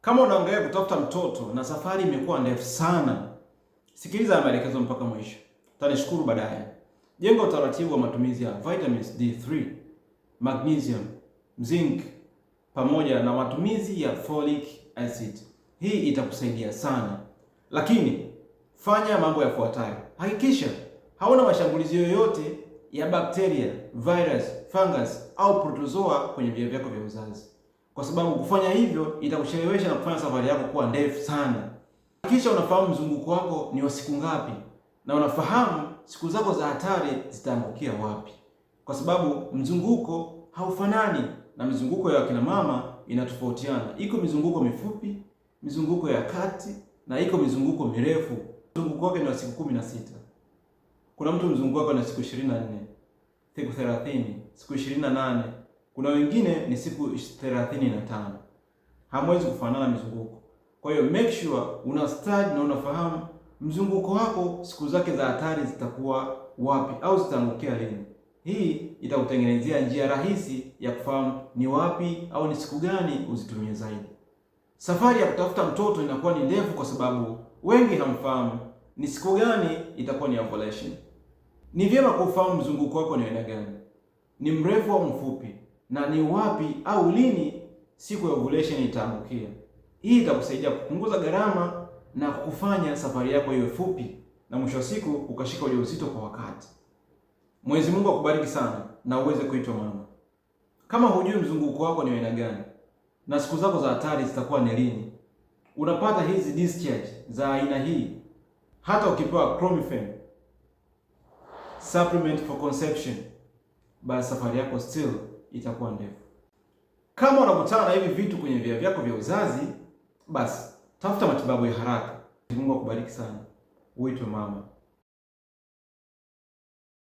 Kama unaangalia kutafuta mtoto na safari imekuwa ndefu sana, sikiliza maelekezo mpaka mwisho, utanishukuru baadaye. Jenga utaratibu wa matumizi ya vitamins D3, magnesium, zinc pamoja na matumizi ya folic acid. Hii itakusaidia sana, lakini fanya mambo yafuatayo: hakikisha hauna mashambulizi yoyote ya bakteria, virus, fungus au protozoa kwenye via vyako vya uzazi kwa sababu kufanya hivyo itakuchelewesha na kufanya safari yako kuwa ndefu sana. Hakikisha unafahamu mzunguko wako ni wa siku ngapi, na unafahamu siku zako za hatari zitaangukia wapi, kwa sababu mzunguko haufanani na mizunguko ya wakina mama inatofautiana. Iko mizunguko mifupi, mizunguko ya kati na iko mizunguko mirefu. Mzunguko wake ni wa siku kumi na sita. Kuna mtu mzunguko wake na siku ishirini na nne, siku thelathini, siku ishirini na nane kuna wengine ni siku 35. Hamwezi kufanana mizunguko. Kwa hiyo make sure una study na unafahamu mzunguko wako siku zake za hatari zitakuwa wapi au zitaangukia lini. Hii itakutengenezea njia rahisi ya kufahamu ni wapi au ni siku gani uzitumie zaidi. Safari ya kutafuta mtoto inakuwa ni ndefu kwa sababu wengi hamfahamu ni siku gani itakuwa ni ovulation. Ni vyema kufahamu mzunguko wako ni aina gani, ni mrefu au mfupi, na ni wapi au lini siku ya ovulation itaangukia. Hii itakusaidia kupunguza gharama na kufanya safari yako iwe fupi na mwisho wa siku ukashika ujauzito kwa wakati. Mwenyezi Mungu akubariki sana na uweze kuitwa mama. Kama hujui mzunguko wako ni aina gani na siku zako za hatari zitakuwa ni lini, unapata hizi discharge za aina hii hata ukipewa clomifen supplement for conception, basi safari yako still itakuwa ndefu. Kama unakutana na hivi vitu kwenye via vyako vya uzazi, basi tafuta matibabu ya haraka. Mungu akubariki sana. Uitwe mama.